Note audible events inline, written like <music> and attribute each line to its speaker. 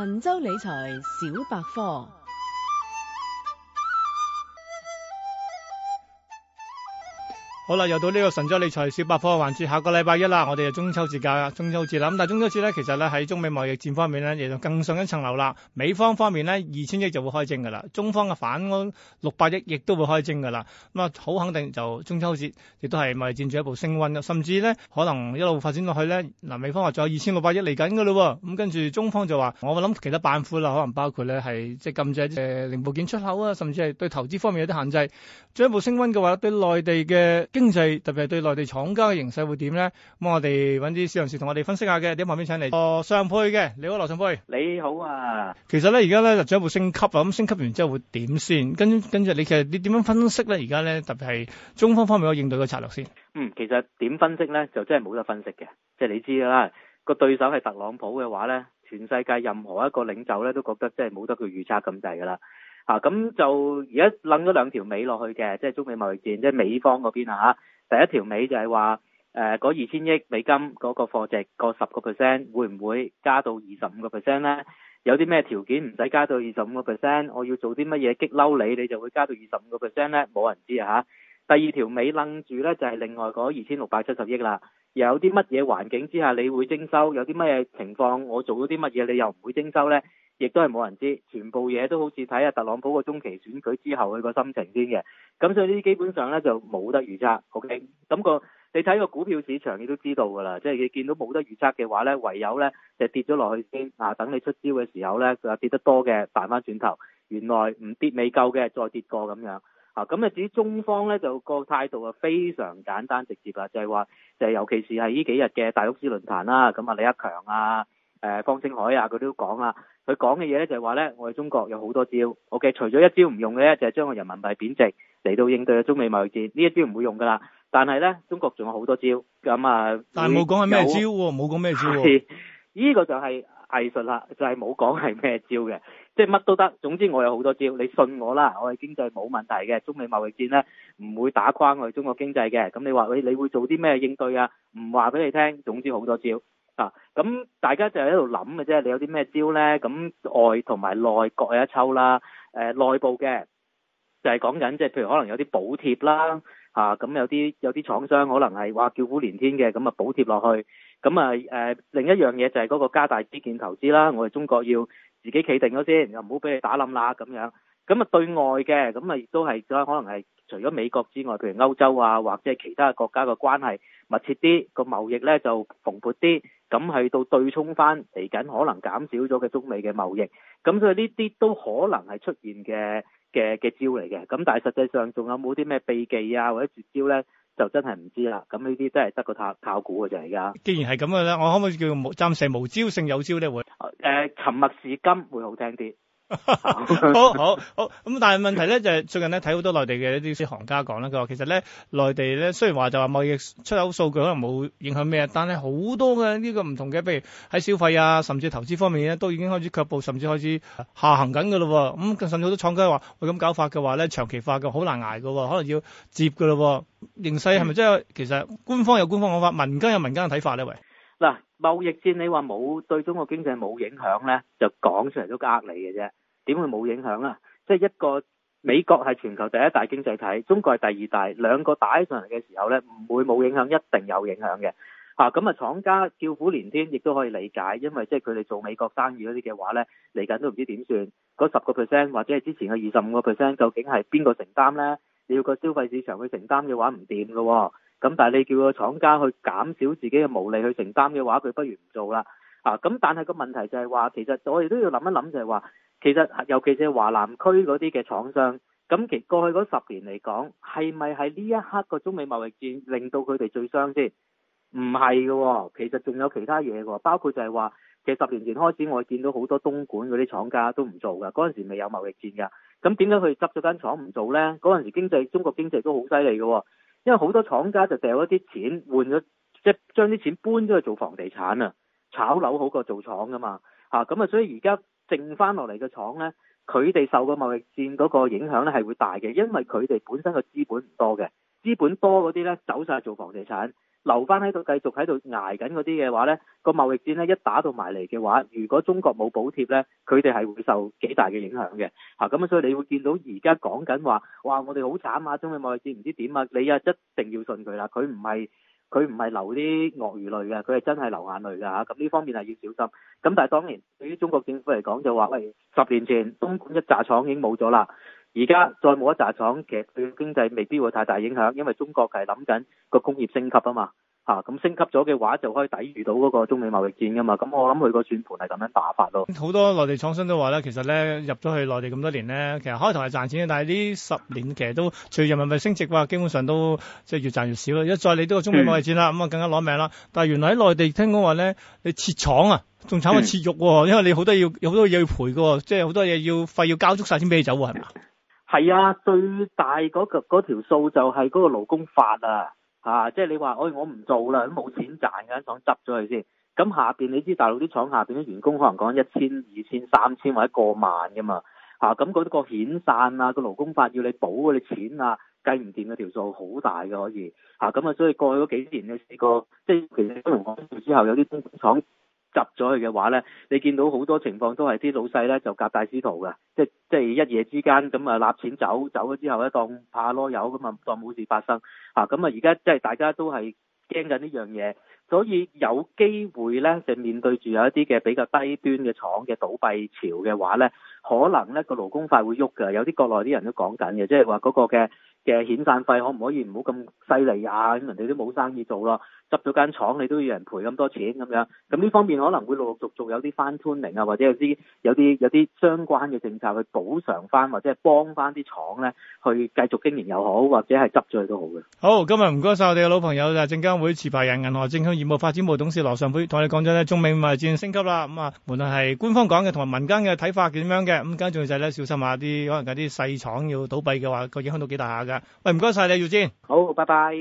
Speaker 1: 神州理財小百科。好啦，又到呢個神州理財小百科環節，還下個禮拜一啦，我哋就中秋節假，中秋節啦。咁但係中秋節咧，其實咧喺中美貿易戰方面咧，亦就更上一層樓啦。美方方面咧，二千億就會開徵噶啦，中方嘅反安六百億亦都會開徵噶啦。咁啊，好肯定就中秋節亦都係貿易戰進一步升溫咯。甚至咧，可能一路發展落去咧，嗱，美方話仲有二千六百億嚟緊噶咯。咁跟住中方就話，我諗其他板塊啦，可能包括咧係即係禁止誒零部件出口啊，甚至係對投資方面有啲限制，進一步升溫嘅話，對內地嘅經濟特別係對內地廠家嘅形勢會點咧？咁我哋揾啲專業人士同我哋分析一下嘅，喺旁邊請你哦，羅尚沛嘅，你好，羅尚沛。你好啊。其實咧，而家咧就進一步升級啊，咁升級完之後會點先？跟跟住，你其實你點樣分析咧？而家咧特別係中方方面嘅應對嘅策略先。
Speaker 2: 嗯，其實點分析咧，就真係冇得分析嘅，即係你知噶啦，個對手係特朗普嘅話咧，全世界任何一個領袖咧都覺得即係冇得佢預測咁滯噶啦。啊，咁就而家掕咗兩條尾落去嘅，即係中美貿易戰，即係美方嗰邊啊嚇。第一條尾就係話，誒嗰二千億美金嗰個貨值個十個 percent 會唔會加到二十五個 percent 咧？有啲咩條件唔使加到二十五個 percent？我要做啲乜嘢激嬲你，你就會加到二十五個 percent 咧？冇人知啊嚇。第二條尾掕住咧，就係另外嗰二千六百七十億啦，又有啲乜嘢環境之下你會徵收，有啲乜嘢情況我做咗啲乜嘢你又唔會徵收咧？亦都係冇人知，全部嘢都好似睇下特朗普個中期選舉之後佢個心情先嘅。咁所以呢啲基本上呢就冇得預測，OK？咁個你睇個股票市場你都知道㗎啦，即係你見到冇得預測嘅話呢，唯有呢就跌咗落去先啊！等你出招嘅時候呢，佢話跌得多嘅彈翻轉頭，原來唔跌未夠嘅再跌過咁樣啊！咁啊，至於中方呢，就個態度啊非常簡單直接啦，啊，就係話就係尤其是係呢幾日嘅達沃斯論壇啦，咁啊，啊李克強啊。誒，方正海啊，佢都講啊，佢講嘅嘢咧就係話咧，我哋中國有好多招，OK，除咗一招唔用嘅咧，就係將個人民幣貶值嚟到應對嘅中美貿易戰，呢一招唔會用噶啦，但係咧，中國仲有好多招，咁啊，但係冇講係咩
Speaker 1: 招，冇講咩招，呢
Speaker 2: 個就係藝術啦，就係冇講係咩招嘅，即係乜都得，總之我有好多招，你信我啦，我嘅經濟冇問題嘅，中美貿易戰咧唔會打垮我哋中國經濟嘅，咁你話你你會做啲咩應對啊？唔話俾你聽，總之好多招。咁大家就喺度諗嘅啫，你有啲咩招呢？咁外同埋內各有一抽啦。誒、呃、內部嘅就係講緊，即係譬如可能有啲補貼啦，咁、啊、有啲有啲廠商可能係話叫苦連天嘅，咁啊補貼落去。咁啊、呃、另一樣嘢就係嗰個加大基建投資啦。我哋中國要自己企定咗先，又唔好俾佢打冧啦咁樣。咁啊，對外嘅咁啊，亦都係即係可能係除咗美國之外，譬如歐洲啊，或者係其他國家嘅關係密切啲，個貿易咧就蓬勃啲，咁去到對沖翻嚟緊可能減少咗嘅中美嘅貿易，咁所以呢啲都可能係出現嘅嘅嘅招嚟嘅。咁但係實際上仲有冇啲咩秘技啊，或者絕招咧，就真係唔知啦。咁呢啲真係得個靠靠估嘅啫，而家。
Speaker 1: 既然係咁嘅咧，我可唔可以叫冇暫時無招勝有招咧？會誒，沉默是金會好聽啲。好 <laughs> 好好，咁但係問題咧就係最近咧睇好多內地嘅一啲行家講啦。佢話其實咧內地咧雖然話就話貿易出口數據可能冇影響咩，但係好多嘅呢個唔同嘅，譬如喺消費啊，甚至投資方面咧都已經開始卻步，甚至開始下行緊㗎喇咯。咁甚至好多廠家會話，喂，咁搞法嘅話咧，長期化嘅好難捱㗎喎，可能要接㗎咯。形勢係咪真係其實官方有官方講法，民間有民間嘅睇法咧？喂？
Speaker 2: 嗱，貿易戰你話冇對中國經濟冇影響呢，就講出嚟都呃你嘅啫。點會冇影響啊？即係一個美國係全球第一大經濟體，中國係第二大，兩個打起上嚟嘅時候呢，唔會冇影響，一定有影響嘅。咁啊、嗯，廠家叫苦連天，亦都可以理解，因為即係佢哋做美國生意嗰啲嘅話呢，嚟緊都唔知點算。嗰十個 percent 或者係之前嘅二十五個 percent，究竟係邊個承擔呢？你要個消費市場去承擔嘅話、哦，唔掂㗎喎。咁但係你叫個廠家去減少自己嘅毛利去承擔嘅話，佢不如唔做啦。啊，咁但係個問題就係話，其實我哋都要諗一諗，就係話，其實尤其是華南區嗰啲嘅廠商，咁其過去嗰十年嚟講，係咪喺呢一刻個中美貿易戰令到佢哋最傷先？唔係嘅，其實仲有其他嘢嘅，包括就係話，其實十年前開始，我見到好多東莞嗰啲廠家都唔做㗎。嗰陣時未有貿易戰㗎。咁點解佢執咗間廠唔做呢？嗰時經濟中國經濟都好犀利嘅。因為好多廠家就掉咗啲錢換咗，即係將啲錢搬咗去做房地產啊，炒樓好過做廠噶嘛，吓咁啊，所以而家剩翻落嚟嘅廠咧，佢哋受個貿易戰嗰個影響咧係會大嘅，因為佢哋本身個資本唔多嘅，資本多嗰啲咧走晒做房地產。留翻喺度，繼續喺度挨緊嗰啲嘅話呢個貿易戰呢一打到埋嚟嘅話，如果中國冇補貼呢，佢哋係會受幾大嘅影響嘅嚇。咁啊，所以你會見到而家講緊話，哇！我哋好慘啊，中美貿易戰唔知點啊，你啊一定要信佢啦，佢唔係佢唔係流啲鱷魚淚嘅，佢係真係流眼淚㗎嚇。咁呢方面係要小心。咁、啊、但係當年對於中國政府嚟講就話喂，十年前東莞一紮廠已經冇咗啦。而家再冇一扎廠，其實對經濟未必會太大影響，因為中國係諗緊個工業升級啊嘛，吓、啊、咁升級咗嘅話，就可以抵御到嗰個中美貿易戰噶嘛。咁、啊嗯、我諗佢個算盤係咁樣打法咯。
Speaker 1: 好多內地廠商都話咧，其實咧入咗去內地咁多年咧，其實開頭係賺錢嘅，但係呢十年其實都隨住人民幣升值啩，基本上都即係越賺越少咯。一再你都係中美貿易戰啦，咁、嗯、啊更加攞命啦。但係原來喺內地聽講話咧，你撤廠啊，仲慘過切肉，哦，因為你好多要有好多嘢要賠嘅，即係好多嘢要費要交足晒先俾你走係嘛。
Speaker 2: 係啊，最大嗰個嗰條數就係嗰個勞工法啊，即係你話，哎，我唔做啦，咁冇錢賺嘅，間廠執咗佢先。咁下面你知大陸啲廠下面啲員工可能講一千、二千、三千或者過萬噶嘛，嚇！咁嗰個遣散啊，個勞工法要你補嗰啲錢啊，計唔掂嘅條數好大嘅可以，嚇！咁啊，所以過去嗰幾年你試過即係其實都唔講之後有啲工廠，執咗佢嘅話呢，你見到好多情況都係啲老細呢就夾帶私逃噶即即係一夜之間咁啊，攞錢走，走咗之後呢，當怕囉柚咁啊，當冇事發生啊，咁啊而家即係大家都係驚緊呢樣嘢，所以有機會呢，就面對住有一啲嘅比較低端嘅廠嘅倒閉潮嘅話呢，可能呢個勞工法會喐噶，有啲國內啲人都講緊嘅，即係話嗰個嘅。嘅遣散費可唔可以唔好咁犀利啊？咁人哋都冇生意做咯，執咗間廠你都要人賠咁多錢咁樣。咁呢方面可能會陸陸續續有啲翻 turning 啊，或者有啲有啲有啲相關嘅政策去補償翻，或者係幫翻啲廠咧去繼續經營又好，或者係執罪都好嘅。
Speaker 1: 好，今日唔該晒我哋嘅老朋友就係證監會持牌人、銀河證券業務發展部董事羅尚沛，同你講咗咧，中美貿易戰升級啦。咁、嗯、啊，無論係官方講嘅，同埋民間嘅睇法點樣嘅，咁跟住就係咧，小心下啲可能有啲細廠要倒閉嘅話，個影響到幾大下噶。喂，唔該晒你，耀堅。好，拜拜。